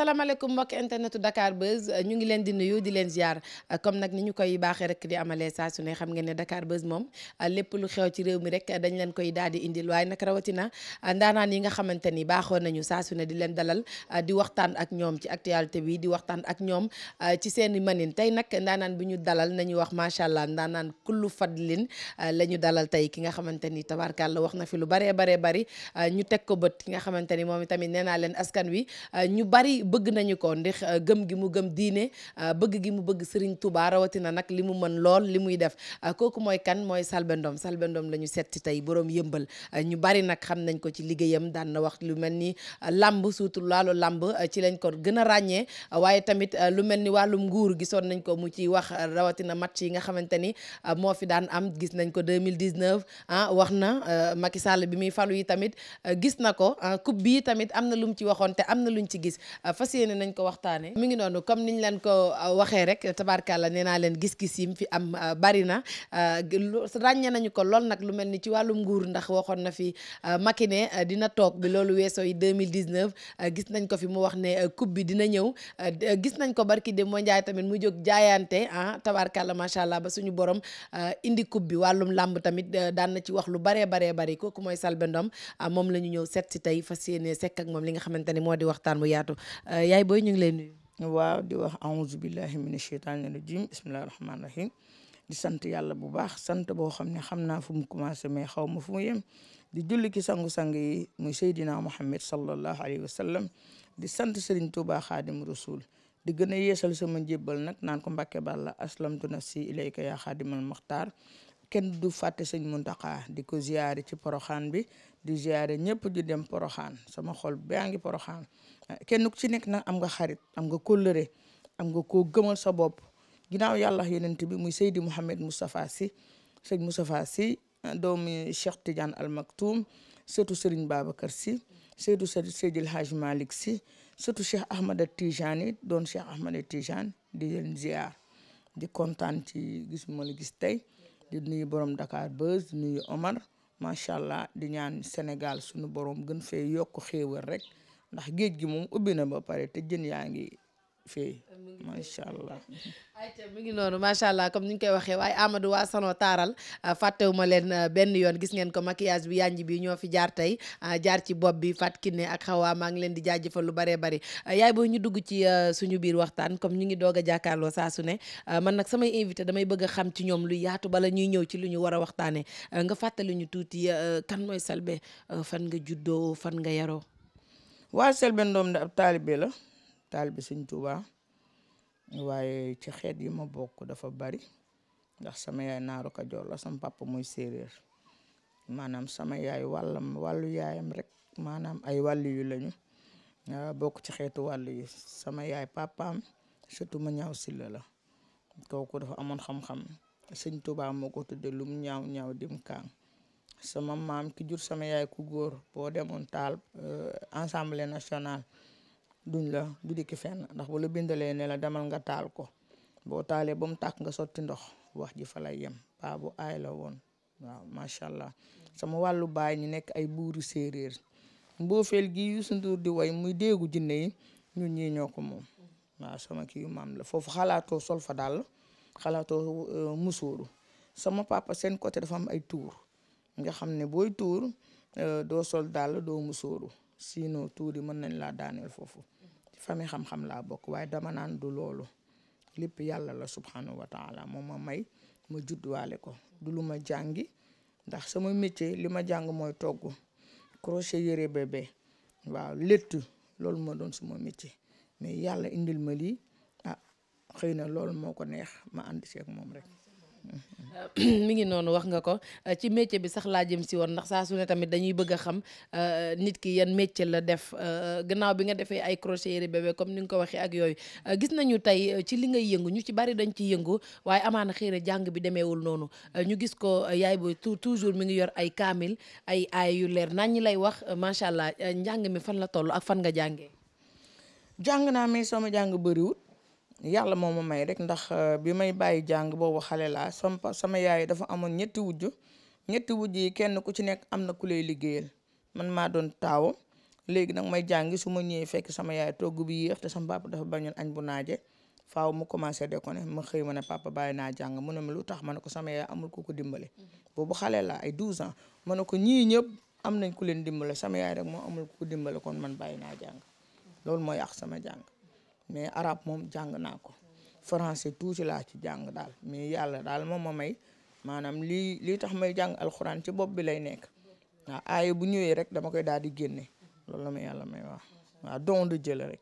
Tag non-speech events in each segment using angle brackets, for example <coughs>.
asalaamaaleykum mbokk internet Dakar Buzz euh, ñu ngi leen di nuyu di leen ziar euh, comme nag ni ñu koy baaxee rek di amale saa su ne xam ngeen ne Dakar Buzz moom euh, lépp lu xew ci réew mi rek dañ leen koy daal di indil waaye nag rawatina ndaanaan yi nga xamante ni baaxoon nañu saa su ne di leen dalal di waxtaan ak ñoom ci actualité bi di waxtaan ak ñoom ci seen manin tey nag ndaanaan bi ñu dalal nañu wax macha allah ndaanaan kullu fadlin la ñu dalal tey ki nga xamante ni la wax na fi lu baree baree bari ñu teg ko bët ki nga xamante ni moom itamit nee naa leen askan wi ñu bari bëgg nañu ko ndax euh, gëm gi mu gëm diine euh, bëgg gi mu bëgg Serigne tubaa rawatina nag li mu mën lool li muy def euh, kooku mooy kan mooy Selbé Ndom Selbé Ndom la ñu seet tey boroom yëmbal ñu bari nag xam nañ ko ci liggéeyam daan na wax lu mel ni làmb surtout laalu làmb ci lañ gën a ràññee waaye tamit lu mel ni wàllum nguur gisoon nañ ko mu ci wax rawatina match yi nga xamante ni moo fi daan am gis nañ ko 2019 ah wax na Macky Sall bi muy falu yi tamit gis na ko ah, coupe bi tamit am na lu mu ci waxoon te am na luñ ci gis fas yéene nañ ko waxtaanee. mi ngi noonu comme niñ leen ko euh, waxee rek la nee naa leen gis-gis yi fi am euh, bari na euh, ràññee nañu ko lool nag lu mel ni ci wàllum nguur ndax waxoon na fi Macky ne dina toog bi loolu weesoo yi 2019 gis nañ ko fi mu wax ne coupe bi dina ñëw gis nañ ko barki de moo njaay tamit mu jóg jaayante ah tabarkalla macha allah ba suñu borom indi coupe bi wàllum làmb tamit daan na ci wax lu baree baree bari kooku mooy Selbé Ndom ah, moom la ñu ñëw seet si tey fas yéene sekk ak moom li nga xamante ne moo di waxtaan bu yaatu Euh, yaay booy ñu ngi lay waaw di wax aouzu billahi mina sheytaani rajim bismillahi rahmaani rahim di sant yàlla bu baax sant boo xam ne xam naa fu mu commencé mais xaw ma fu mu yem di julli ki sangu-sang yi muy Seydina Muhammad sallallahu alayhi wa sallam di sant Serigne Touba Xaadim Rasul di gën a yeesal sama njébbal nag naan ko Mbàkke Bàlla aslamtu nafsi ilayka yaa xaadimal muxtaar kenn du fàtte sëñ Muntaxa di ko ziyaare ci poroxaan bi di ziare ñëpp di dem poroxaan sama xol baa ngi poroxaan kenn ku ci nekk nag am nga xarit am nga kóllëre am nga ko gëmal sa bopp ginnaaw yàlla yonent bi muy Seydi Mouhamed Moustapha si sëñ Moustapha si doomi Cheikh Tidiane Al Maktoum surtout Serigne Babacar Sy surtout Seydil Hadj Malick Sy surtout Cheikh Ahmada Tijani doon Cheikh Ahmada Tijani di leen di kontaan ci gis ma la gis tey di nuyu borom Dakar Buzz di Omar macha allah di ñaan Sénégal suñu borom gën fee yokk xéewal rek ndax géej gi moom ubbi na ba pare te jën yaa ngi fii macha allah. <laughs> mi ngi noonu macha allah comme ni ñu koy waxee waaye Amadou waa Sanoo taaral ah, fàttewuma leen ah, benn yoon gis ngeen ko maquillage bi yanj bi ñoo fi jaar tey ah, jaar ci bopp bi ki ne ak xaw Xawa maa ngi leen di jaajëfal lu baree bari yaay booy ñu dugg ci suñu biir waxtaan comme ñu ngi doog a jàkkaarloo saa su ne man nag samay invité damay bëgg a xam ci ñoom luy yaatu bala ñuy ñëw ci lu ñu war a waxtaanee nga fàttali ñu tuuti kan mooy Selbé fan nga juddoo fan nga yaroo. waa la. bi sëñ Tuubaa waaye ci xeet yi ma bokk dafa bari ndax sama yaay naaru Kajoor la sama papa muy séeréer maanaam sama yaay wàllam wàllu yaayam maanaam ay wàllu yu lañu ah, bokk ci xeetu wàllu yi sama yaay papaam surtout ma ñaaw silla la kooku dafa amoon xam-xam sëñ Tuubaa moo ko tudde lum ñaaw ñaaw dim kaang sama maam ki jur sama yaay ku góor boo demoon taal euh, assemblée national duñ la du dikki fenn ndax bu la bindalee ne la demal nga taal ko boo taalee ba mu tàkk nga sotti ndox wax ji fa lay yem paa aay la woon waaw macha allah sama wàllu baay ñu nekk ay buuru séeréer mboofeel gi Youssou Ndour di way muy déegu jinne yi ñun ñii ñoo ko moom waaw sama kii maam la foofu xalaatoo sol fa daal xalaatoo euh, musóoru sama papa seen côté dafa am ay tuur nga xam ne booy tuur euh, doo sol daal musóoru sinon tuur yi mën nañ laa daaneel foofu famille xam-xam laa bokk waaye dama naan du loolu lépp yàlla la subhanahu wa taala moo ma may ma judduwaale ko du lu ma jàngi ndax sama métier li ma jàng mooy toggu crochet yére bébé waaw létt loolu ma doon sama métier mais yàlla indil ma lii ah xëy na loolu moo ko neex ma ànd seeg moom rek <coughs> mi ngi noonu wax nga ko euh, ci métier bi sax laa jëm si woon ndax saa su ne tamit dañuy bëgg a xam euh, nit ki yan métier la def euh, gannaaw bi nga defee ay crochet yére bébé comme ni nga ko waxee ak yooyu gis nañu tey ci li ngay yëngu ñu ci bari dañ ci yëngu waaye amaana xëy na jàng bi demeewul noonu ñu gis ko yaay booy tout toujours mi ngi yor ay kaamil ay ay yu leer nañ ñi lay wax macha allah njàng mi fan la toll ak fan nga jàngee. jàng naa mais sama jàng bëriwul. yàlla moom ma may rek ndax euh, bi may bàyyi jàng boobu xale laa sama sama yaay dafa amoon ñetti wujj ñetti wujj yi kenn ku ci nekk am na ku lay liggéeyal man maa doon taawam léegi nag may jàngi su ma ñëwee fekk sama yaay togg bi yéex te dafa bañoon añ bu naaje faaw mu commencé déconné ma xëy ma ne papa bàyyi naa jàng mu ne ma lu tax ma ne ko sama amul ku ko dimbale. Mm-hmm. xale laa ay 12 ans ma ne ko ñii ñëpp am nañ ku leen dimbale sama yaay rek moo amul ku ko dimbale kon man bàyyi naa jàng loolu mooy yàq sama jàng. mais arabe moom jàng naa ko français tuuti laa ci jàng daal mais yàlla daal moom ma may maanaam lii lii tax may jàng alxuraan ci bopp bi lay nekk waaw aaye bu ñëwee rek dama koy daal di génne loolu la ma yàlla may waaw waaw don de jël rek.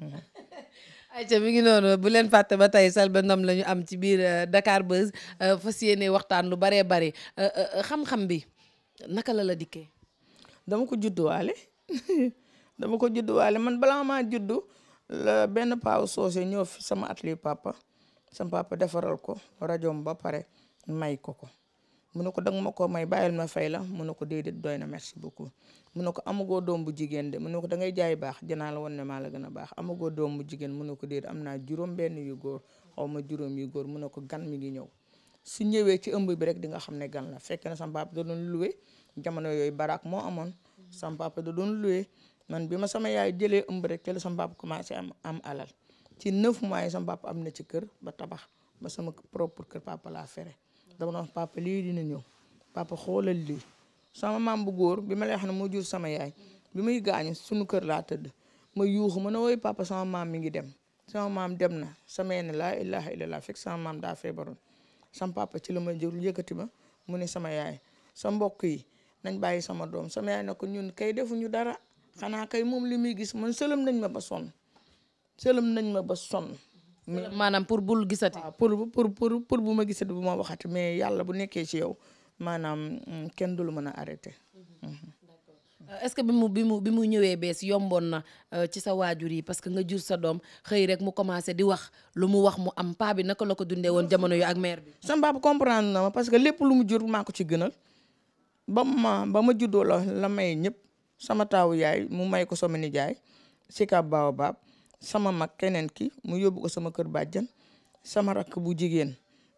Mhm. ayca <laughs> mi ngi noonu bu leen fàtte ba tey sal Ndom la lañu am ci biir euh, Dakar Buzz euh, fas yéene waxtaan lu baree bare euh, xam-xam bi naka la la dikkee. dama ko judduwaale <laughs> dama ko judduwaale man balaa maa juddu la benn paaw soose ñëw fi sama atelier papa sama papa defaral ko rajoom ba pare may ko ko mun na ko danga ma ko may bàyyil ma fay la mun na ko déedéet doy na merci beaucoup mun na ko amagoo doom bu jigéen de mu ne ko dangay jaay baax dinaa la woon ne maa la gën a baax amagoo doom bu jigéen mu ne ko déedéet am naa juróom benn yu góor xaw ma juróom yu góor mu ne ko gan mi ngi ñëw si ñëwee ci ëmb bi rek di nga xam ne gan la fekk na sama papa da doon loué jamono yooyu baraak moo amoon sama papa da doon loué man bi ma sama yaay jëlee ëmb rek te la sama papa commencé am am alal ci neuf mois yi sama papa am na ci kër ba tabax ba sama propre kër papa laa fere dama doon papa lii dina ñëw papa xoolal lii sama maam bu góor bi ma lay wax ne moo jur sama yaay bi muy gaañu suñu kër laa tëdd ma yuux ma ne woy papa sama maam mi ngi dem sama maam dem na sama yenn laa ilaha illallah fekk sama maam daa feebaroon sama papa ci la ma jur yëkkati ma mu ne sama yaay sa mbokk yi nañ bàyyi sama doom xanaa kay moom li muy gis man sëlëm nañ ma ba sonn sëlëm nañ ma ba sonn. maanaam pour bul gisati. waaw pour pour pour pour bu ma gisati bu ma waxati mais yàlla bu nekkee ci yow maanaam mm, kenn du lu mën a arrêté. Mhm. Mhm. Euh, est-ce que bi mu bi mu bi mu ñëwee bees yomboon na euh, ci sa waajur yi parce que nga jur sa doom xëy rek mu commencé di wax lu mu wax mu am paa bi naka la ko dundee woon jamono yu ak mère bi. sama papa comprendre na ma parce que lépp lu mu jur maa ko ci gënal ba ma ba ma juddoo la la ñëpp. sama taawu yaay mu may ko sama nijaay si kab baaw baab sama mag keneen ki mu yóbbu ko sama kër bàjjan sama rakk bu jigéen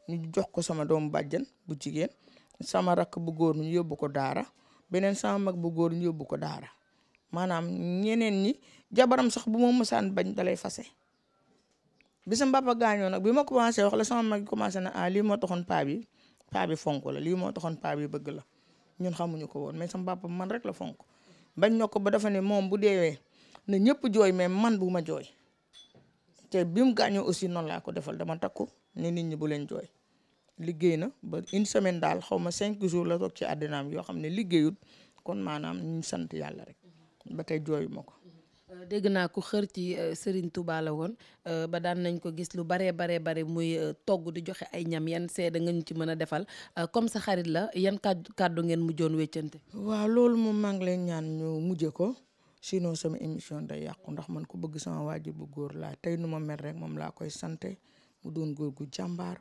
ñu jox ko sama doomu bàjjan bu jigéen sama rakk bu góor ñu yóbbu ko daara beneen sama mag bu góor ñu yóbbu ko daara maanaam ñeneen ñi jabaram sax bu ma mësaan bañ dalay fase bi sam papa gaañoo nag bi ma commencé wax la sama mag commencé na ah lii moo taxoon paa bi paa bi fonk la lii moo toxoon paa bi bëgg la ñun xamuñu ko woon mais sama papa man rek la fonk bañ na ko ba dafa ne moom bu deewee na ñëpp jooy mais man bu ma jooy te bi mu gaañoo aussi noonu laa ko defal dama takku ne nit ñi bu leen jooy liggéey na ba une semaine daal xaw ma cinq jours la toog ci àddinaam yoo xam ne liggéeyul kon maanaam ñu sant yàlla rek ba tey jooyuma ko Euh, dégg naa ko xër ci euh, Serigne Touba la woon euh, ba daan nañ ko gis lu baree baree bare muy togg di joxe ay ñam yan seede nga ñu ci mën a defal comme sa xarit la yan kàddu kàddu ngeen mujjoon weccante. waaw loolu moom maa ngi leen ñaan ñu mujje ko sinon sama émission day yàqu ndax man ku bëgg sama waajur bu góor laa tey nu ma mel rek moom laa koy sante mu doon góor gu jàmbaar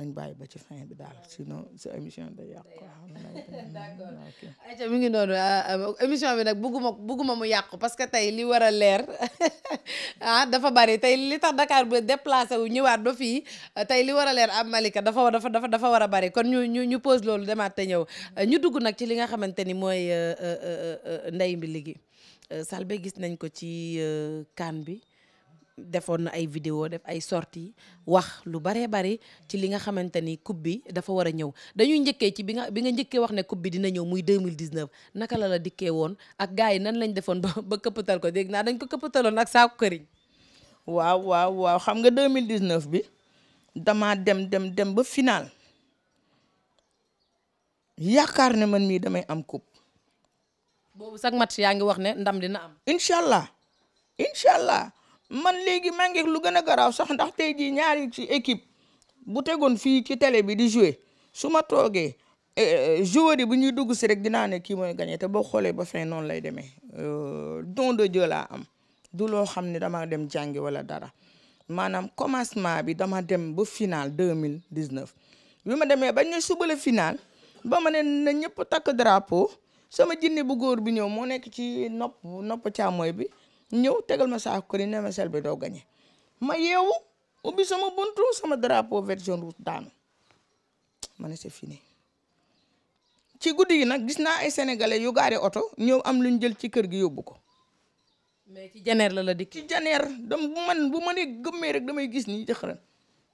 nañ bàyyi ba ci fin bi daal sinon sa émission day yàqu. <laughs> d'accord mm, ayca mi ngi noonu ah, ah, émission bi nag bugguma bugguma mu yàqu parce que tey li war a leer <laughs> ah dafa bari tey li tax Dakar bu déplacé wu ñëwaat ba fii tey li war a leer am Malika dafa dafa dafa dafa war a bari kon ñu ñu ñu pose loolu demaat te ñëw mm-hmm. ñu dugg nag ci li nga xamante ni mooy euh, euh, euh, ndey mbi ligi Salbé gis nañ ko ci kan bi. defoon na ay vidéo def ay sorties wax lu baree bari ci li nga xamante ni coupe bi dafa war a ñëw dañuy njëkkee ci bi nga bi nga njëkkee wax ne coupe bi dina ñëw muy 2019 naka la la dikkee woon ak gars yi nan lañ defoon ba ba këppatal ko dégg naa dañ ko këppataloon ak saako këriñ. waaw waaw waaw xam nga 2019 bi damaa dem dem dem ba final yaakaar ne man mii damay am coupe. boobu sax match yaa ngi wax ne ndam dina am. incha allah incha man léegi maa ngi lu gën a garaaw sax ndax tey jii ñaari ci équipe bu tegoon fii ci tele bi di jouer su ma toogee eh, eh, joueur yi bu ñuy dugg si rek dinaa ne kii mooy gagné te boo xoolee ba fin noonu lay demee euh, don de Dieu am du loo xam ne dama dem jàngi wala dara maanaam commencement bi dama dem ba final 2019 bi ma demee ba ñu suba la final ba ma ne na ñëpp takk drapeau sama jinne bu góor bi ñëw moo nekk ci nopp nopp càmmooy bi ñëw tegal ma saako këriñ ne ma sel bi doo gañe ma yeewu ubbi sama buntu sama drapeau vert jaune rouge daanu ma ne c'est fini ci guddi gi nag gis naa ay sénégalais yu gaare oto ñëw am luñ jël ci kër gi yóbbu ko. mais ci janeer la la di ci janeer dam bu ma nee gëmmee rek damay gis nii jëkkëran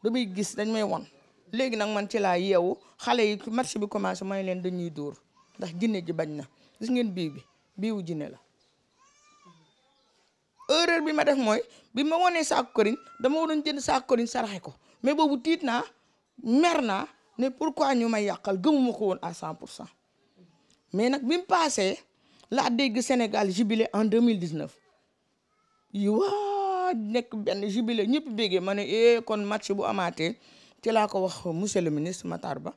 damay gis dañ may won léegi nag man ci laa yeewu xale yi marché bi commencé may leen dañuy dóor ndax jinne ji bañ na gis ngeen bii bi biiwu jinne la. erreur bi ma def mooy bi ma wonee saako këriñ dama waroon jënd saako këriñ saraxe ko mais boobu tiit naa mer naa ne pourquoi ñu may yàqal gëmuma ko woon à cent pour cent mais nag bi mu la laa dégg Sénégal jubilé en deux mille dix-neuf yi waa nekk benn jubilé ñëpp béggee ma ne eh kon match bu amaatee ci laa ko wax monsieur le ministre Matar Ba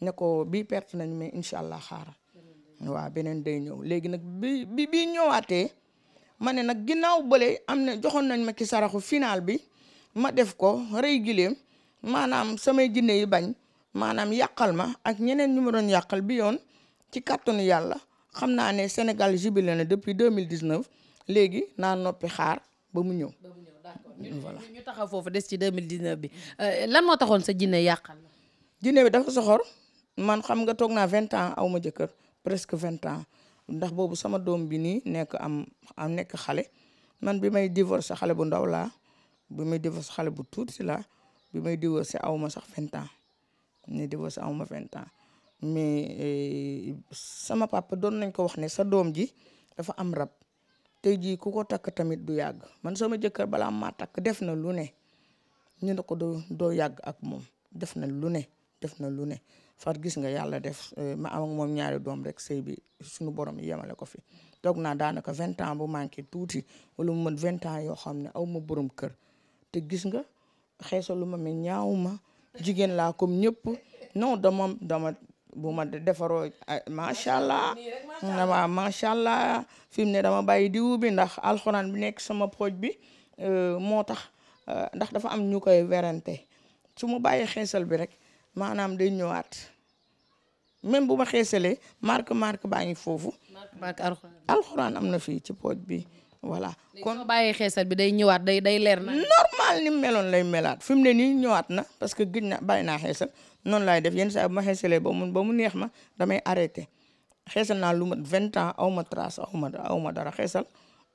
ne ko bii perte nañ mais incha allah xaaral waaw beneen day ñëw léegi nag bi ñëw bii ma ne nag ginnaaw bale am na joxoon nañ ma ci saraxu final bi ma def ko rëy gileem maanaam samay jinne yi bañ maanaam yàqal ma ak ñeneen ñu ma doon yàqal bi yoon ci kàttanu yàlla xam naa ne Sénégal jubilé na depuis deux mille 2019 léegi naa noppi xaar ba mu ñëw. ba mu ñëw d'accord ñu mm, ñu taxaw foofu des ci 2019 bi euh, lan moo taxoon sa jinne yàqal la. jinne bi dafa soxor man xam nga toog naa vingt ans aw ma jëkkër presque vingt ans. ndax boobu sama doom bi nii nekk am am nekk xale man bi may divorcé xale bu ndaw laa bi may divorcé xale bu tuuti laa bi may divorcé aw ma sax vingt ans ne divorcé aw ma vingt ans mais eh, sama papa doon nañ ko wax ne sa doom ji dafa am rab tey jii ku ko takk tamit du yàgg man ma jëkkër balaa maa takk def na lu ne ñu ne ko doo doo yàgg ak moom def na lu ne def na lu ne far gis nga yàlla def euh, ma am moom ñaari doom rek sëy bi suñu borom yemale ko fi toog naa daanaka vingt ans bu manqué tuuti wala mu mën vingt ans yoo xam ne aw ma borom kër te gis nga xeesalu ma mais ñaaw jigéen laa comme ñëpp non dama dama bu ma defaroo macha allah dama macha allah fi mu ne dama bàyyi diw bi ndax alxuraan bi nekk sama pooj bi euh, moo tax euh, ndax dafa am ñu koy werante su ma bàyyi xeesal bi rek maanaam day ñëwaat. même bu ma xeesalee marque marque baa ngi foofu. marque alxuraan alxuraan am na fii ci pooj bi voilà. kon bàyyi bàyyee xeesal bi day ñëwaat day day leer na. normal ni meloon lay melaat fi mu ne nii ñëwaat na parce que gëj na bàyyi naa xeesal noonu laay def yenn saa bu ma xeesalee ba mu ba mu neex ma damay arrêté xeesal naa lu ma vingt ans aw ma trace ma aw ma dara xeesal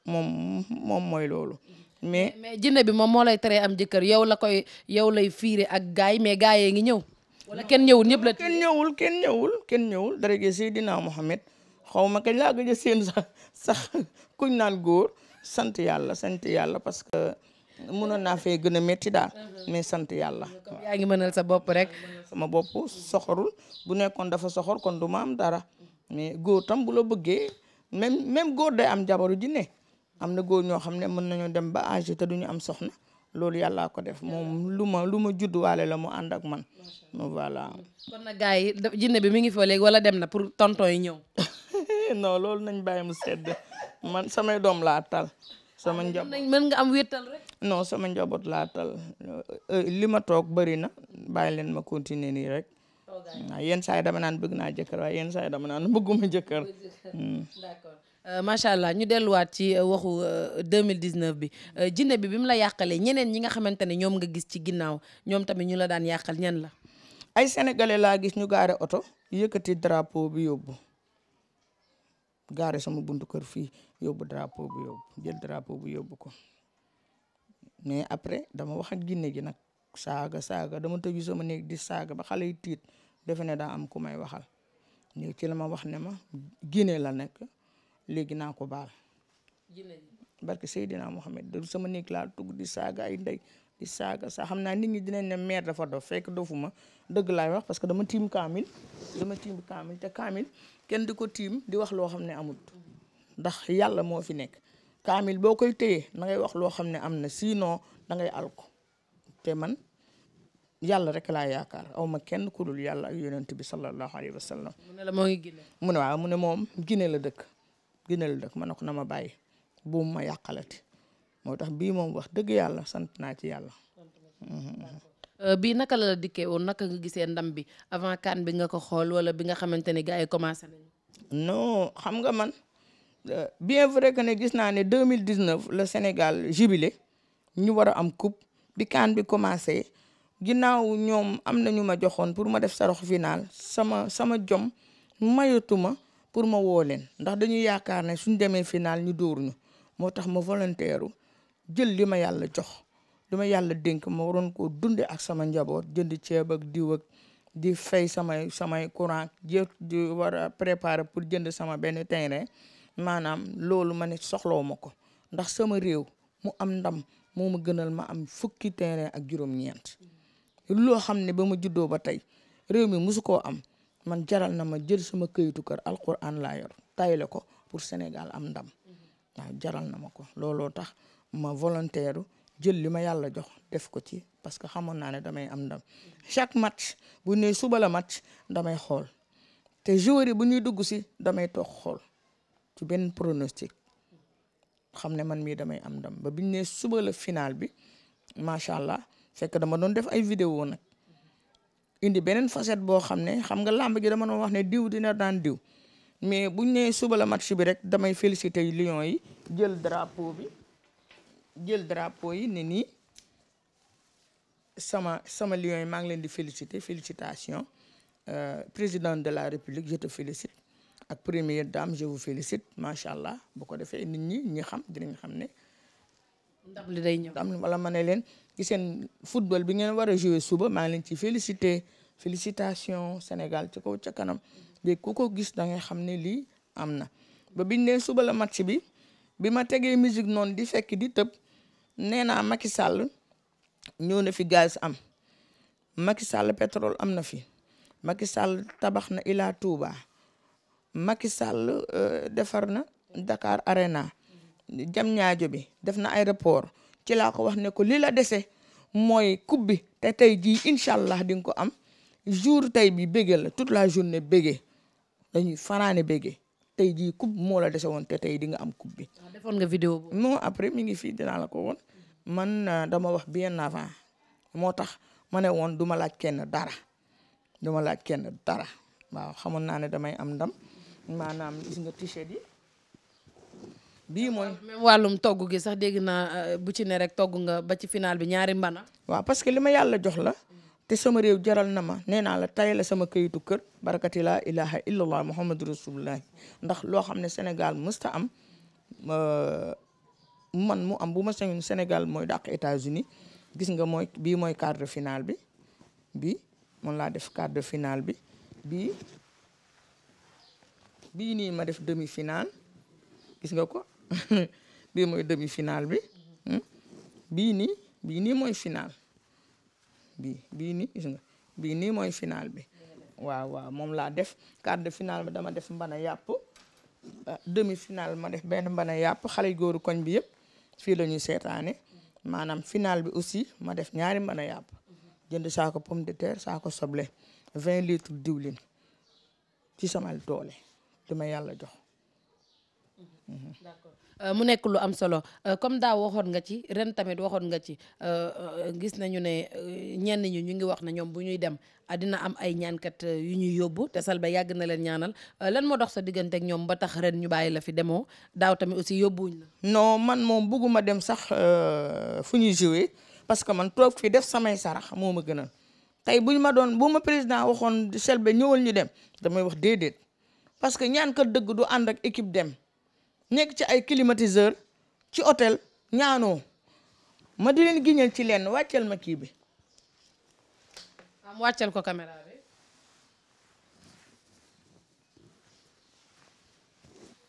moom moom mooy loolu. mais mais jinne bi moom moo lay teree am jëkkër yow la koy yow lay fiire ak gaay mais gaay yi ngi ñëw. wala kenn ñëwul ñëpp la kenn ñëwul kenn ñëwul kenn ñëwul darajee Seydina Mohamed xaw ma kañ laa gëj a seen sax sax kuñ naan góor sant yàlla sant yàlla parce que mënoon naa fee gën a métti daal mais sant yàlla yaa ngi mënal sa bopp rek sama bopp soxorul bu nekkoon dafa soxor kon du ma am dara mais góor tam bu la bëggee même même góor day am jabaru jinne am na góor ñoo xam ne mën nañoo dem ba âge te ñu am soxna loolu yàllaa ko def moom lu ma lu ma judduwaale la mu ànd ak man voilà kon na gars yi jinne bi mi ngi fa léegi wala dem na pour tonton yi ñëw <laughs> no loolu nañ bàyyi mu sedd man samay doom laa tal sama ah, njaboot mën nga am wéetal rek sama njaboot laa tal euh, li ma toog bari na bàyyi leen ma continuer nii rek waaw yenn saa dama naan bëgg naa jëkkër waaye yenn saa dama naan <laughs> bëgguma jëkkër hmm. d'accord Euh, macha allah ñu delluwaat ci euh, waxu 2019 euh, bi jinne bi bi mu la yàqalee ñeneen ñi nga xamante ne ñoom nga gis ci ginnaaw ñoom tamit ñu la daan yàqal ñan la. ay senegale laa gis ñu gaare oto yëkkati drapeau bi yóbbu gaare sama buntu kër fii yóbbu drapeau bi yóbbu jël drapeau yóbbu ko mais après dama wax ak jinne gi nag saaga saaga dama tëju sama néeg di saaga ba xale yi tiit defe ne daa am ku may waxal léegi ci la ma wax ne ma Guinée la nekk. léegi naa ko baal. barke Seydina Mohamed da sama néeg laa tugg di saaga ay ndey di saaga sa xam naa nit ñi dinañ ne mair dafa dof fekk dofuma dëgg laay wax parce que dama tiim kaamil dama tiim kaamil te kaamil kenn di ko tiim di wax loo xam ne amul ndax yàlla moo fi nekk kaamil boo koy téye na wax loo xam ne am na sinon da ngay al te man yàlla rek laa yaakaar aw ma kenn ku dul yàlla ak yonent bi sallallahu alayhi wa mu ne la moo ngi Guinée. mu ne moom Guinée la dëkk. gënal rek ma ne na ma bàyyi buum ma yàqalati moo tax bii moom wax dëgg yàlla sant naa ci yàlla. Euh, bii naka la la dikkee woon naka nga gisee ndam bi avant kan bi nga ko xool wala bi nga xamante ne gars yi commencé nañu. non xam nga man euh, bien vrai que ne gis naa ne deux mille dix neuf le Sénégal jubilé ñu war a am coupe bi kan bi commencé ginnaaw ñoom am nañu ma joxoon pour ma def sarox final sama sama jom mayatuma pour ma woo leen ndax dañuy yaakaar ne suñ demee final ñu dóor ñu moo tax ma volontaire jël li ma yàlla jox li ma yàlla dénk ma waroon koo dundee ak sama njaboot jënd ceeb ak diw ak di fay samay samay courant jë di war a préparer pour jënd sama benn terrain maanaam loolu ma ne soxlaw ma ko ndax sama réew mu am ndam moo ma gënal ma am fukki terrain ak juróom-ñeent loo xam ne ba ma juddoo ba tey réew mi musu koo am man jaral na ma jël sama këyitu kër alquran laa yor tayle ko pour Sénégal am ndam mm-hmm. waaw jaral na ma ko looloo tax ma volontaire jël li ma yàlla jox def ko ci parce que xamoon naa ne damay am ndam mm-hmm. chaque match bu ne suba la damay xool te joueur bu ñuy dugg si damay toog xool ci benn pronostic xam ne man mii damay am ndam ba biñ ne suba la final bi macha allah fekk dama doon def ay vidéo nag indi beneen facette boo xam ne xam nga làmb ji dama doon wax ne diw dina daan diw mais buñ nee suba la match bi rek damay féliciter Lions yi jël drapeau bi jël drapeau yi ne nii sama sama Lions yi maa ngi leen di féliciter félicitation euh, président de la République je te félicite ak première dame je vous félicite macha allah bu ko defee nit ñi ñi xam dinañ xam ne. ndam li day ma ne leen. gis ngeen football bi ngeen war a jouer suba maa ngi leen ci félicité félicitation Sénégal ci kaw ca kanam léegi ku ko gis da xam ne lii am na ba biñ ne suba la match bi bi ma tegee musique noonu di fekk di tëb nee naa Macky Sall ñëw na fi gaz am Macky Sall pétrole am na fi Macky Sall tabax na Ila Touba Macky Sall euh, defar na Dakar Arena jam ñaajo bi def na aéroport ci laa ko wax ne ko li la dese mooy coupe bi te tey jii incha allah di nga ko am jour tey bi béggee la tout la journée béggee dañuy fanaane béggee tey jii coupe moo la dese woon te tey di nga am coupe bi. defoon nga vidéo boobu. après mi ngi fii dinaa la ko woon man euh, dama wax bien avant moo tax ma ne woon duma laaj kenn dara du laaj kenn dara waaw xamoon naa ne damay am ndam maanaam gis nga t-shirt yi. bii mooy même wàllum togg gi sax dégg naa euh, bu ci ne rek togg nga ba ci final bi ñaari mbana. waaw parce que li ma yàlla jox la. te sama réew jaral na ma nee naa la tay la sama kayitu kër barakati laa ilaha illallah muhammadu rasulullah ndax loo xam ne Sénégal mësta am euh, man mu am bu ma sañoon Sénégal mooy dàq États-Unis gis nga mooy bii mooy quart de finale bi bii laa def quart de finale bi bii bii nii ma def demi-finale gis nga ko. <laughs> bii mooy demi final bi hmm? bii nii bii nii mooy final bii nii mooy final bi waaw waaw moom laa def quart de finale bi dama def mbana yàpp ah, demi final ma def benn mbana yàpp xale góoru koñ bi yëpp fii la ñuy seetaane maanaam final bi aussi ma def ñaari mbana yàpp jënd saako pomme de terre saako soble vingt litres diwlin ci sama doole li ma yàlla jox d'accord euh, mu nekk lu am solo euh, comme daaw waxoon nga ci ren tamit waxoon nga ci euh, gis nañu ne ñenn ñi ñu ngi wax ne ñoom bu ñuy dem dina am ay ñaankat yu ñuy yóbbu te Selbé yàgg na leen ñaanal lan ma dox sa diggante ak ñoom ba tax ren ñu bàyyi la fi demoo daaw tamit aussi yóbbuwuñ la. no man moom bëgguma dem sax fu ñuy joué parce que man toog fi def samay sarax moo ma gënal tey bu ñu ma doon bu ma président waxoon Selbé ñëwal ñu dem damay wax déedéet parce que ñaankat dëgg du ànd ak équipe dem. nekk ci ay climatiseur ci hôtel ñaanoo ma di leen giñal ci lenn wàccel ma kii bi. am wàcceel ko caméra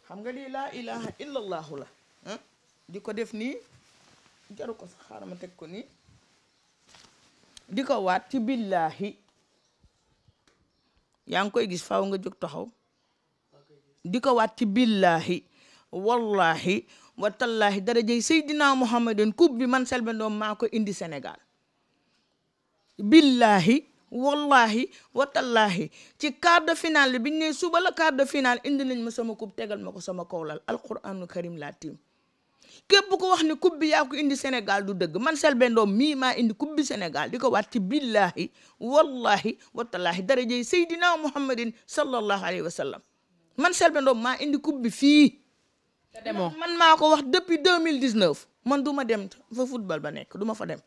xam nga lii laa ilaha la di ko def nii jaru ko sax ma teg ko nii di ko waat ci billaahi yaa ngi koy gis faw nga jóg taxaw di ko waat ci billaahi wallahi watallahi darajey seydina mouhammadin coupe bi man Selbé Ndom maa ko indi Sénégal billahi wallahi watallahi ci quart de finale bi ñu suba la quart de finale indi nañ ma sama coupe tegal ma ko sama kawlal alquranu karim laa tiim ko wax ni coupe bi yaa indi senegal du dëgg man Selbé Ndom mii maa indi coupe senegal Sénégal di ko waat ci billahi wallahi watallahi darajey seydina mouhammadin sallallahu alayhi wa sallam man Selbé Ndom maa indi coupe fii man maa ko wax depuis deux mille dix neuf man du ma dem fa football ba nekk duma fa dem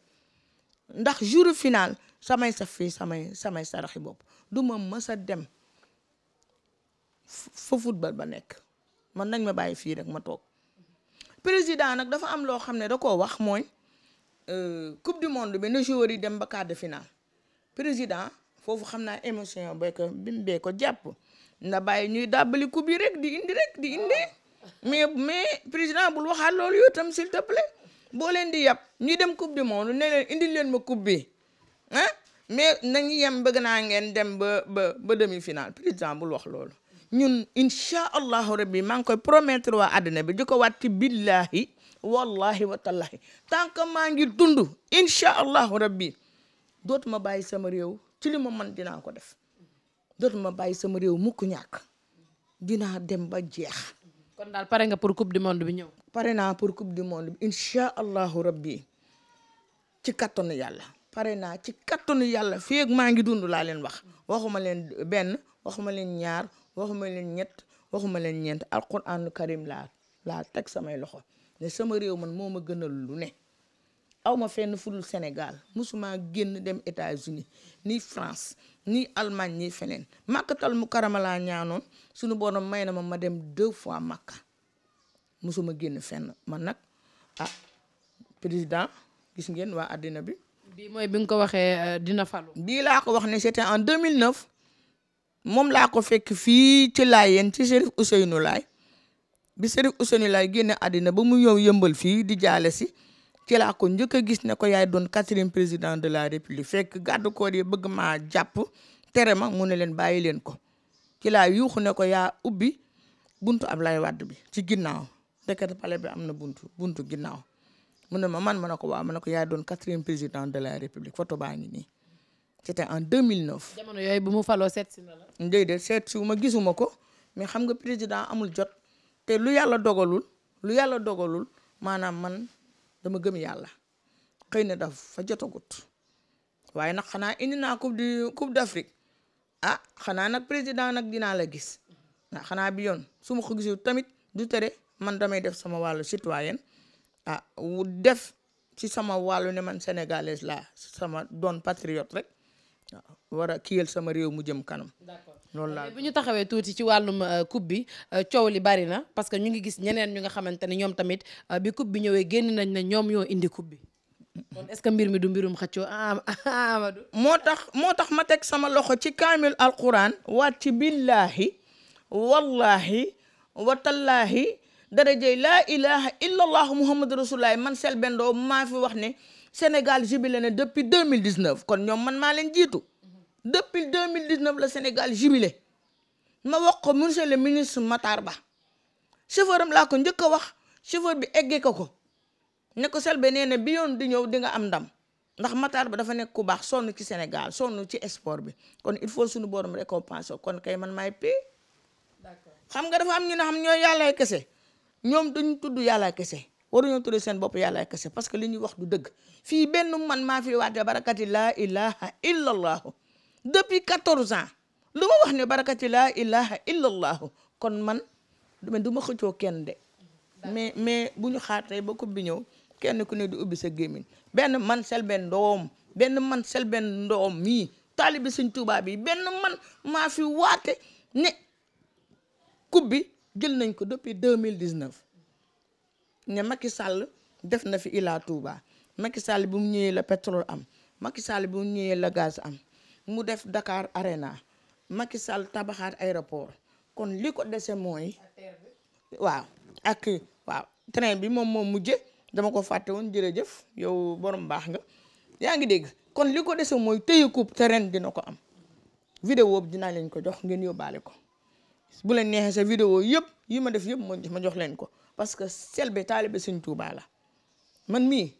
ndax jour finaal samay sa fii samay samay saraxi bopp du ma mës dem fa football ba nekk man nañ ma bàyyi fii rek ma toog président nag dafa am loo xam ne da koo wax mooy euh, coupe du monde bi na joueur yi dem ba quart de finale président foofu xam naa émission ba ko bim bee ko jàpp na bàyyi ñuy dàbbali coupe yi rek di indi rek di indi. mais mais président bul wax loolu lool tam s'il te plaît boo leen di yab ñu dem coupe du monde ne leen indil leen ma coupe bi ah mais nañu yem bëgg naa ngeen dem ba ba ba demi-finale président bul wax loolu ñun incha allahu rabbi maa ngi koy promettre waa àddina bi di ko wàtti billahi wallahi wa tallahi tant que maa ngi dund incha allahu rabbi dootuma bàyyi sama réew ci li ma man dinaa ko def dootuma bàyyi sama réew mukk ñàkk dinaa dem ba jeex kon daal pare nga pour coupe du monde bi ñëw. pare naa pour coupe du monde bi incha allahu rabbi ci kattanu yàlla. pare naa ci kattanu yàlla fii ak maa ngi dund laa leen wax waxuma leen benn waxuma leen ñaar waxuma leen ñett waxuma leen ñeent alquranu karim laa laa teg samay loxo ne sama réew man moo ma gënal lu ne. aw ma fenn fudul Sénégal musuma génn dem États-Unis ni France ni Allemagne ni feneen màkkatal mu karama laa ñaanoon suñu borom may na ma ma dem deux fois màkka musuma génn fenn man nag ah président gis ngeen waa àddina bi. bii mooy bi nga ko waxee euh, dina falu. bii laa ko wax ne c'était en 2009 moom laa ko fekk fii ci Layeen ci Chérif Ousseynou Laye bi Chérif Ousseynou Laye génne àddina ba mu ñëw yëmbal fii di jaale si. ci laa ko njëkk gis ne ko yaay doon quatrième président de la république fekk gàddu koo yi bëgg maa jàpp tere ma mu ne leen bàyyi leen ko kila laa yuuxu ne ko yaa ubbi buntu Ablaye Wade bi ci ginnaaw ndekete pale bi am na buntu buntu ginnaaw mu ne ma man ma ne ko waaw ma ne ko yaay doon quatrième président de la république photo baa ngi nii c'était en 2009. jamono yooyu bu mu faloo seet si na la. déedéet seet si wu ma gisuma ko mais xam nga président amul jot lu yàlla dogalul lu yàlla dogalul maanaam man. dama gëm yàlla xëy na daf fa jotagut waaye nag xanaa indi naa coupe du coupe d'Afrique ah xanaa nag président nag dinaa la gis ah xanaa bi yoon su ma ko gisul tamit du tere man damay def sama wàllu citoyen ah def ci sama wàllu ne man sénégalaise laa sama doon patriote rek war a kiyal sama réew mu jëm kanam. d'accord loolu laa bu ñu taxawee tuuti ci wàllum euh, coupe bi euh, coow li bari na parce que ñu ngi gis ñeneen ñu nga xamante ne ñoom tamit euh, bi coupe bi ñëwee génn nañ ne ñoom ñoo indi coupe bi. kon est-ce que mbir mi du mbirum xëccoo ah, Amadou. moo tax moo tax ma teg sama loxo ci kaamil alquran. waat ci billaahi wallaahi watallaahi darajey laa ilaha illallah muhammadu rasulullahi man Selbé Ndom maa fi wax ne. Sénégal jubile na depuis 2019 kon ñoom man maa leen jiitu depuis mille 2019 la Sénégal jubile ma wax ko monsieur le ministre Matar Ba chauffeur am laa ko njëkk a wax chauffeur bi eggee ko ko ne ko Selbé nee na bi yoon di ñëw di nga am ndam ndax Matar Ba dafa nekk ku baax sonn ci Sénégal sonn ci sport bi kon il faut suñu borom récompense kon kay man maay pay xam nga dafa am ñu ne xam ñooy yàllaay kese ñoom duñ tudd yàllaay kese waruñoo tuddee seen bopp yàlla kese parce que li ñuy wax du dëgg fii benn man maa fi waate barakati laa ilaha illa allahu depuis 14 ans lu ma wax ne barakati laa ilaha illa allahu kon man du ma xëccoo kenn de mais mais bu ñu xaatee ba ko bi ñëw kenn ku ne du ubbi sa gémmiñ benn man Selbé Ndom benn man Selbé ndoom mii taalibi Sëñ Tuubaa yi benn man maa fi waate ne coupe bi jël nañ ko depuis 2019 ne Macky Sall def na fi Ila Touba Macky Sall bu mu ñëwee la pétrole am Macky Sall bu mu ñëwee la gaz am mu def Dakar Arena Macky Sall tabaxaat aéroport kon li ko dese mooy. waaw ak waaw train bi moom moom mujje dama ko fàtte woon jërëjëf yow borom baax nga yaa ngi dégg kon li ko dese mooy téye coupe terrain dina ko am. vidéo bi dinaa leen ko jox ngeen yóbbaale ko bu leen neexee sa vidéo yëpp yi ma def yëpp ma jox leen ko. parce que Selbé taalibe Sëñ Tuubaa la man mii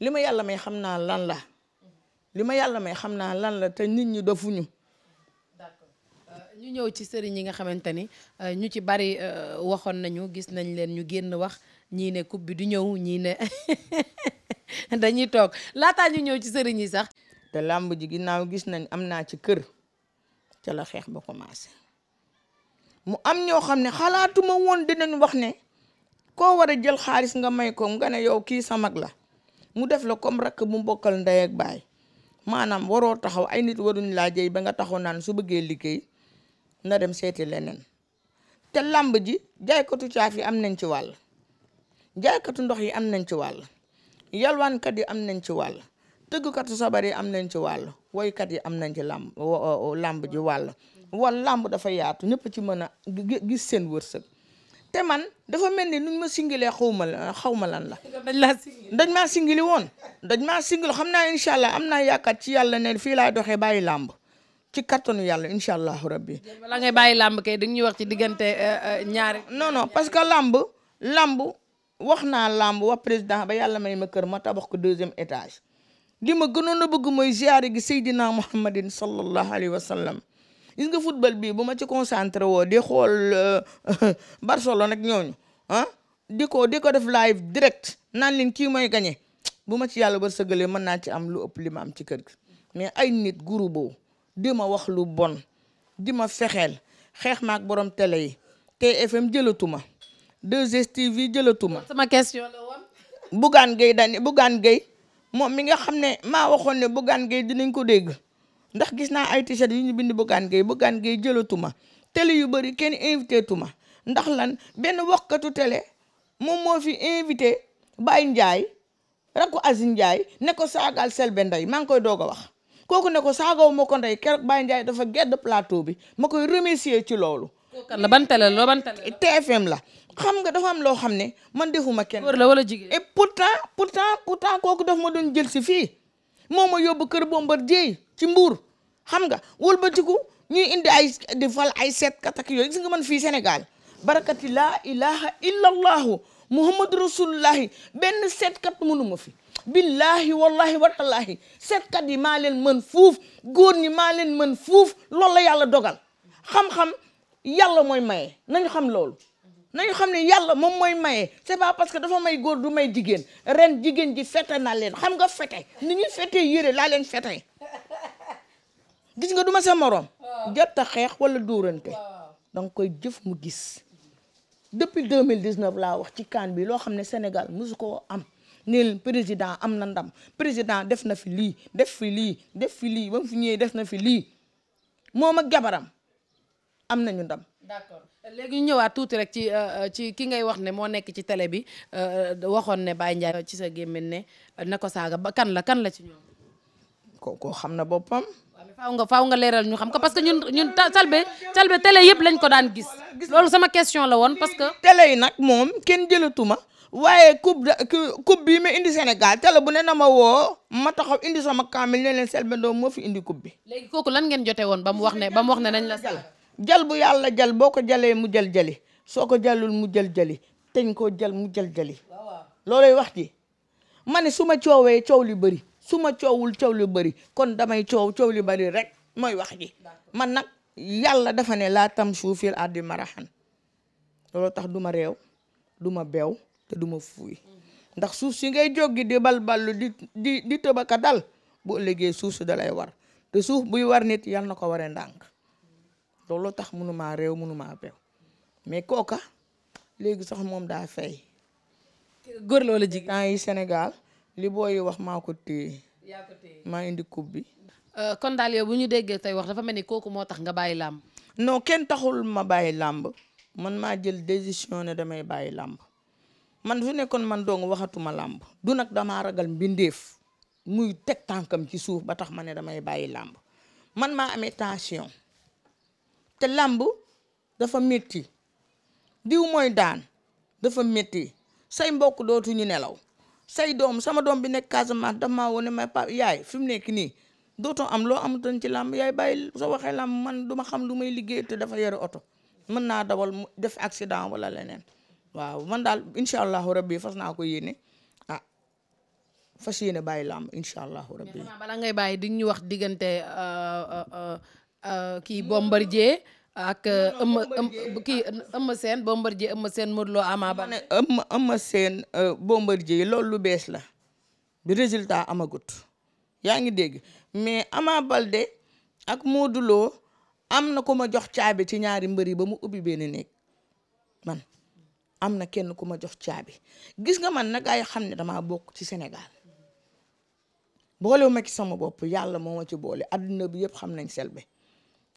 li ma yàlla may xam naa lan la li ma yàlla may xam naa lan la te nit ñi dofuñu euh, ñu ñëw ci sëriñ yi nga xamante ni euh, ñu ci bari euh, waxoon nañu gis nañ leen ñu génn wax ñii ne coupe bi du ñëw ñii ne <laughs> dañuy toog laataa ñu ñëw ci sëriñ yi sax. te làmb ji ginnaaw gis nañ am naa ci kër ca la xeex ba commencé mu am ñoo xam ne xalaatuma woon dinañ wax ne koo war a jël xaalis nga may ko nga ne yow kii sa mag la mu def la comme rakk mu mbokkal ndey ak baay maanaam waroo taxaw ay nit waruñ laa jëy ba nga taxaw naan su bëggee liggéey na dem seeti leneen te làmb ji jaaykatu caaf yi am nañ ci wàll jaaykatu ndox yi am nañ ci wàll yalwaankat yi am nañ ci wàll tëggkatu sabar yi am nañ ci wàll woykat yi am nañ ci làmb làmb ji wàll wal làmb dafa yaatu ñëpp ci mën a gis seen wërsëg te man dafa mel ni nuñ ma singilee xaw ma la xaw ma lan la. <laughs> dañ maa singili woon. dañ maa singil xam naa incha allah am na naa yaakaar ci yàlla ne fii laay doxee bàyyi làmb ci kattanu yàlla incha allahu rabbi. la ngay bàyyi làmb kay dañ ñuy wax ci diggante euh, euh, ñaari. non non parce que làmb lamb wax naa lamb wax président ba yàlla may ma kër ma tabax ko deuxième étage li ma gënoon a bëgg mooy ziare gi Seydina Muhammadin sallallahu alayhi wa sallam gis nga football bi bu ma ci concentré woo di xool euh, <laughs> Barcelone ak ñooñu ah, di ko di ko def live direct naan leen kii mooy gagné bu ma ci yàlla ba sëgalee mën naa ci am lu ëpp li ma am ci kër gi mais ay nit guru boobu di ma wax lu bon di ma fexeel xeex maak borom télé yi TFM jëlatuma 2STV jëlatuma sama question la woon bu Gueye dañ Bougane moom mi nga xam ne maa waxoon ne bu Bougane Gueye dinañ ko dégg ndax gis naa ay t-shirt yu ñu bind Bougane Gueye Bougane Gueye jëlatuma télé yu bëri kenn invité tuma ndax lan benn wokkatu télé moom moo fi invité Baye Ndiaye rakku Aziz Ndiaye ne ko saagaal Selbé Ndeye maa ngi koy doog a wax kooku ne ko saagaw ma ko ndey keroog Baye Ndiaye dafa gedd plateau bi ma koy remercier ci loolu. kan la ban télé la ban la xam nga dafa am loo xam ne man defuma kenn. góor la wala jigéen et pourtant pourtant pourtant kooku def ma doon jël si fii. moo ma yóbbu kër Bombardier ci mbuur xam nga wëlbatiku ñuy indi ay di fal ay seetkat ak yooyu gis nga mën fii Sénégal barakati laa ilaha illa allahu muhammadu rasulullahi benn seetkat mënu ma fi billahi wallahi watallahi seetkat yi maa leen mën fuuf góor ñi maa leen mën fuuf lool la yàlla dogal xam-xam yàlla mooy maye nañu xam lool nañu xam ne yàlla moom mooy maye c'est pas parce que dafa may góor du may jigéen ren jigéen ji fete na leen xam nga fete ni ñuy fete yére laa leen fete gis nga du ma sa morom jot a xeex wala dóorante danga koy jëf mu gis depuis 2019 laa wax ci kaan bi loo xam ne Sénégal mosu koo am neel président am na ndam président def na fi lii def fi lii def fi lii ba mu fi ñëwee def na fi lii moom ak jabaram am nañu ndam d'accord léegi ñu ñëwaat tuuti rek ci euh, euh, ci ki ngay wax ne moo nekk ci télé bi euh, waxoon ne baay Ndiaye ci sa gémmiñ ne na ko saaga ba kan la kan la ci ñoom. kooku xam na boppam. faaw nga faaw nga leeral ñu xam ko parce que ñun ñun Selbé Selbé télé yëpp lañ ko daan gis. loolu sama question la woon parce que. télé yi nag moom kenn jëlatuma waaye coupe da coupe bii ma indi Sénégal télé bu ne a ma woo ma taxaw indi sama kaamil ne leen Selbé Ndom moo fi indi coupe bi. léegi kooku lan ngeen jote woon ba mu wax ne ba wax ne nañ la. sal jal bu yàlla jal boo ko jalee mu jal jali soo ko jalul mu jal jali teñ koo jal mu jal jali looloy wax ji ma ne su ma coowee coow li bari su ma coowul coow li bari kon damay coow coow li bari rek mooy wax ji man nag yàlla dafa ne laa tam suufil addi maraxan loolu tax duma ma réew du ma beew te duma ma fuuy ndax suuf si ngay jóggi di balballu di di di tëbaka dal bu ëllëgee suuf si dalay war te suuf buy war nit yàlla na ko waree ndànk looloo tax mënumaa réew mënumaa bew mais kooka léegi sax moom daa fay. góor loola jigéen temps yi Sénégal li booy wax maa ko téye. yaa ko maa indi coupe bi. Euh, kon daal yow bu ñu déggee tey wax dafa mel ni kooku moo tax nga bàyyi làmb. non kenn taxul ma bàyyi làmb man maa jël décision ne damay bàyyi làmb man su nekkoon man dong waxatuma làmb du nag damaa ragal mbindeef muy teg tànkam ci suuf ba tax ma ne damay bàyyi làmb man maa amee tension. te lamb dafa métti diw mooy daan dafa métti say mbokk ñu nelaw say doom sama doom bi nekk Casamance daf maa wone may pap yaay fi mu nekk nii dootoo am loo am amatoon ci làmb yaay bàyyi soo waxee làmb man duma xam lu may liggéey te dafa yore oto mën naa dawal mu def accident wala leneen waaw man daal incha allahu rabbi fas naa ko yéene ah fas yéene bàyyi làmb incha allahu rabbi. di ñu wax diggante euh, euh, euh, Euh, kii Bombardier ak ëmma euh, ah. kii ëmma seen Bombardier seen Modou Lo Ama Baldé ëmma ëmma seen Bombardier lool lu bees la bi résultat amagut yaa ngi dégg mais Ama Baldé ak Modou am na ku ma jox caabi ci ñaari mbër yi ba mu ubbi benn néeg man am na kenn ku ma jox caabi gis nga man nag ay xam ne dama bokk ci Sénégal boolewuma ci sama bopp yàlla moo ma ci boole adduna bi yëpp xam nañ Selbé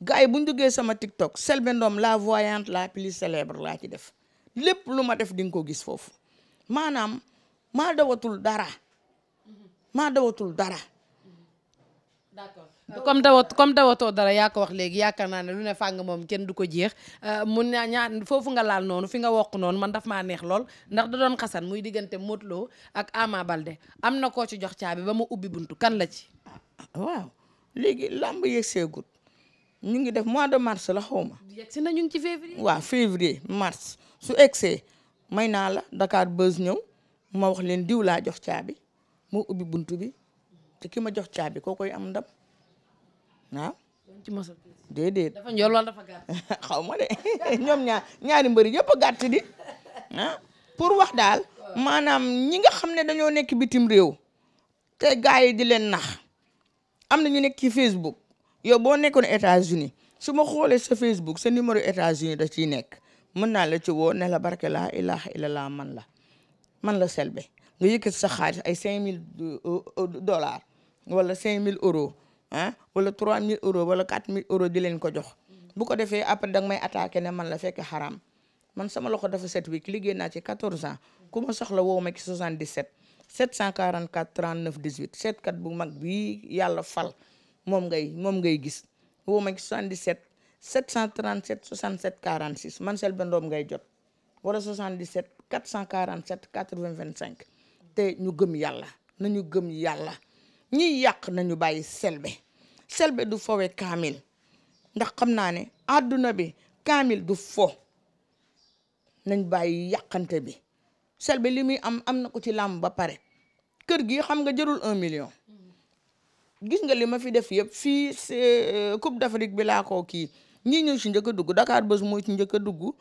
gars yi bu ñu duggee sama TikTok Selbé Ndom la voyante la plus célèbre laa ci def lépp lu ma def di nga ko gis foofu maanaam maa dawatul dara maa dawatul dara. d'accord comme dawat comme dawatoo dara yaa ko wax léegi yaakaar naa ne lu ne fàng moom kenn du ko jeex euh, mun naa ñaan foofu nga laal noonu fi nga wokk noonu man daf maa neex lool ndax da doon xasan muy diggante Modou Lo ak Ama Balde am na koo ci jox caabi ba mu ubbi buntu kan la ci. Ah, ah, waaw léegi làmb ñu ngi def mois de mars la xaw ma. si na ñu ngi ci février. waaw février mars su egsee may naa la Dakar Buzz ñëw ma wax leen diw laa jox caabi moo ubbi bunt bi te ki ma jox caabi koo koy am ndam waaw. ci mos déedéet dafa njool dafa gàtt. <laughs> xaw ma de <laughs> ñoom ñaar ñaari mbëri yëpp a gàtt di ah. pour wax daal maanaam ñi nga xam ne dañoo nekk bitim réew te gars yi di leen nax am na ñu nekk ci Facebook. yow boo nekkoon États-Unis su ma xoolee sa Facebook sa numéro États-Unis da ciy nekk mën naa la ci woo ne la barke laa ilaha la man la man la Selbé nga yëkkati sa xaalis ay 5000 euh, euh, dollars wala 5000 euros ah wala 3000 euros wala 4000 euros di leen ko jox. bu ko defee après danga may attaqué ne man la fekk xaram man sama loxo dafa set wécc liggéey naa ci 14 ans ku ma soxla woo ma ci 77 744 39 18 seetkat bu mag bii yàlla fal. moom ngay moom ngay gis woo ma ci 77 737 67 46 man Selbé Ndom ngay jot wala 77 447 80 25 te ñu gëm yàlla nañu gëm yàlla ñi yàq nañu bàyyi Selbé Selbé du fowe kaamil ndax xam naa ne àdduna bi kaamil du fo nañ bàyyi yàqante bi Selbé li muy am am na ko ci làmb ba pare kër gi xam nga jërul un million gis nga li ma fi def yëpp fii euh, Coupe d'Afrique bi laa ko kii ñii ñëw si njëkk a dugg Dakar Buzz mooy ci njëkk a dugg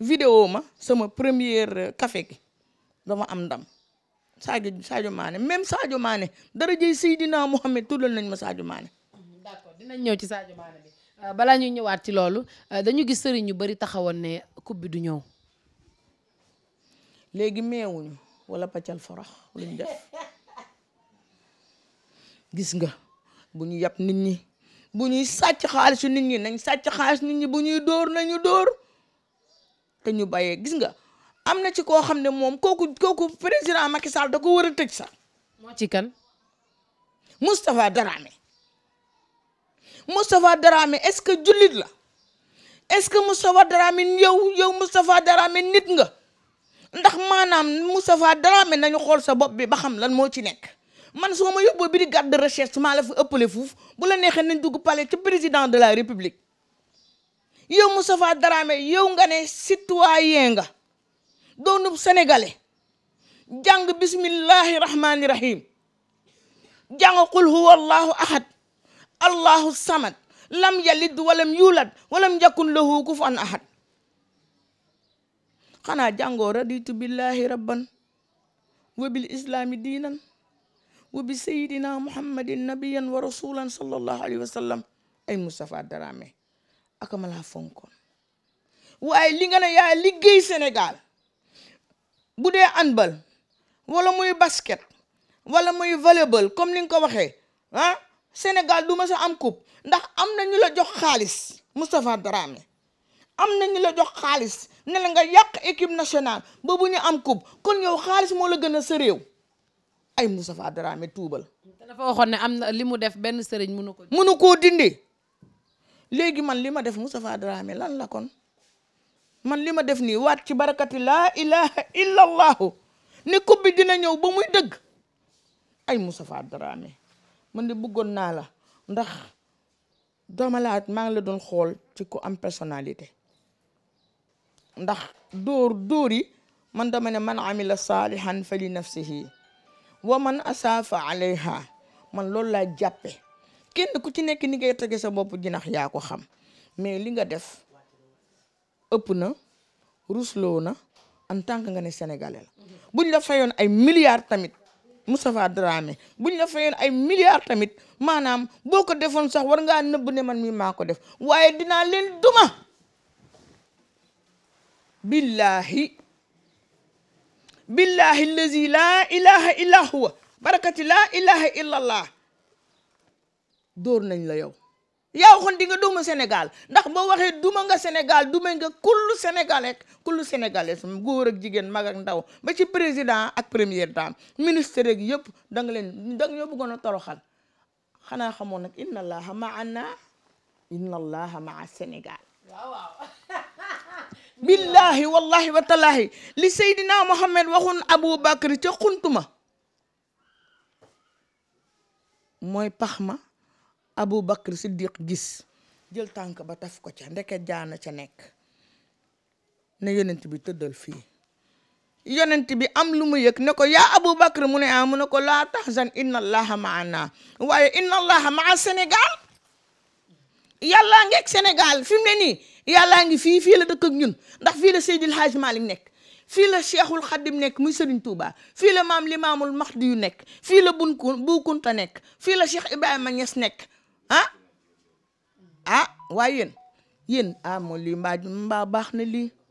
vidéo ma sama première euh, café gi dama am ndam Sadio Sadio maane même Sadio maane dara jëy Seydina Mohamed tuddal nañ ma Sadio maane mm, d'accord dinañ ñëw ci Sadio Mané bi euh, balaa ñuy ñëwaat ci loolu dañu gis sëriñ ñu bari taxawoon ne coupe bi du ñëw. léegi meewuñu wala pàccal farax luñ def <laughs> gis nga. bu ñu yab nit ñi bu ñuy sàcc xaalisu nit ñi nañ sàcc xaalis nit ñi bu ñuy door nañu door te ñu bàyyee gis nga am na ci koo xam ne moom kooku kooku président Macky Sall da ko war a tëj sax. moo ci kan. Moustapha Darame Moustapha Darame est-ce que jullit la est-ce que Moustapha Darame yow yow Moustapha Darame nit nga ndax maanaam Moustapha Darame nañu xool sa bopp bi ba xam lan moo ci nekk. man soo ma yóbboo brigade de recherche maa la fa ëppale fuuf bu la neexee nañ dugg palais ci président de la république yow Moustapha Dramé yow nga ne citoyen nga doonub sénégalais jàng bismillahi rahmani rahim qul huwa allahu ahad allahu samad lam yalid walam yulad walam yakun lahu kufuwan ahad xanaa jàngoo raditu billahi rabban wa bil diinan wa bi sayidina muhammadin nabiyan wa rasulan sallallahu alayhi wa sallam ay Moustapha Dramé akama laa fonkoon waaye li nga ne yaa liggéey Sénégal bu dee handball wala muy basket wala muy volleyball comme ni nga ko waxee ah Sénégal du ma am coupe ndax am na ñu la jox xaalis Moustapha Dramé am na ñu la jox xaalis ne la nga yàq équipe national ba bu ñu am coupe kon yow xaalis moo la gën a sa ay Moustapha Dramé tuubal. dafa waxoon ne am na li mu def benn sëriñ mënu ko. mënu koo dindi léegi man li ma def Moustapha Dramé lan la kon man li ma def nii waat ci barakati laa ilaha illa allahu ne dina ñëw ba muy dëgg ay Moustapha Dramé man de bëggoon naa la ndax doomalaat laa maa ngi la doon xool ci ku am personnalité ndax dóor dóor yi man dama ne man amila saalihan fa li nafsihi wa man asaafa alayha man loolu laa jàppe kenn ku ci nekk ni ngay tege sa bopp jinax yaa ko xam mais li nga def ëpp na rusloo na en tant nga ne sénégalais buñ la fayoon ay milliards tamit Moustapha Dramé buñ la fayoon ay milliards tamit maanaam boo ko defoon sax war ngaa nëbb ne man mi maa ko def waaye dinaa leen duma billahi billahi allazi laa ilaha illa huwa barakati laa ilaha illa allah nañ la yow yaw waxoon di nga duma Sénégal ndax boo waxee duma nga Sénégal duma nga kullu Sénégalais kullu Sénégalais góor ak jigéen mag ak ndaw ba ci président ak première dame ministre ak yëpp da leen da nga ñoo bëggoon a toroxal xanaa xamoon nag inna allaha ma anna inna allaha maa Sénégal waaw <laughs> billahi wallahi wa tallahi li Seydina Mohamed waxun Abu Bakr ca xuntuma mooy pax Abu Bakr Siddiq gis jël tànk ba taf ko ca ndeket jaana ca nekk ne yonent bi tëddal fii yonent bi am lu mu yëg ne ko yaa Abu Bakr mu ne ah, mu ne ko laa tahzan inna allaha maana waaye inna allaha maa Sénégal yàllaa ngeeg Sénégal fi ne nii yàllaa ngi fii fii la dëkk ak ñun ndax fii la Seydil Haaj Malik nekk fii la Cheikhul Xadim nekk muy Serigne Touba fii la maam Limaamul Mahdi yu nekk fii la Bunkun Bukunta nekk fii la Cheikh Ibrahima Niass nekk ah ah waaye yéen yéen ah moom lii mba mbaa baax na lii